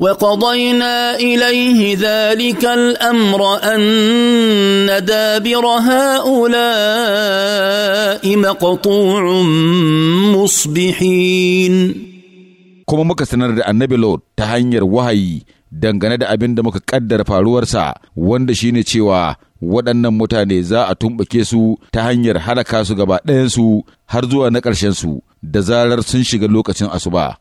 وقضينا اليه ذلك الامر ان دابر هؤلاء مقطوع مصبحين kuma muka sanar da annabi Lord ta hanyar wahayi dangane da abin da muka kaddara faruwarsa wanda shine cewa waɗannan mutane za a tumɓake su ta hanyar halaka su gaba ɗayansu har zuwa na ƙarshensu da zarar sun shiga lokacin asuba.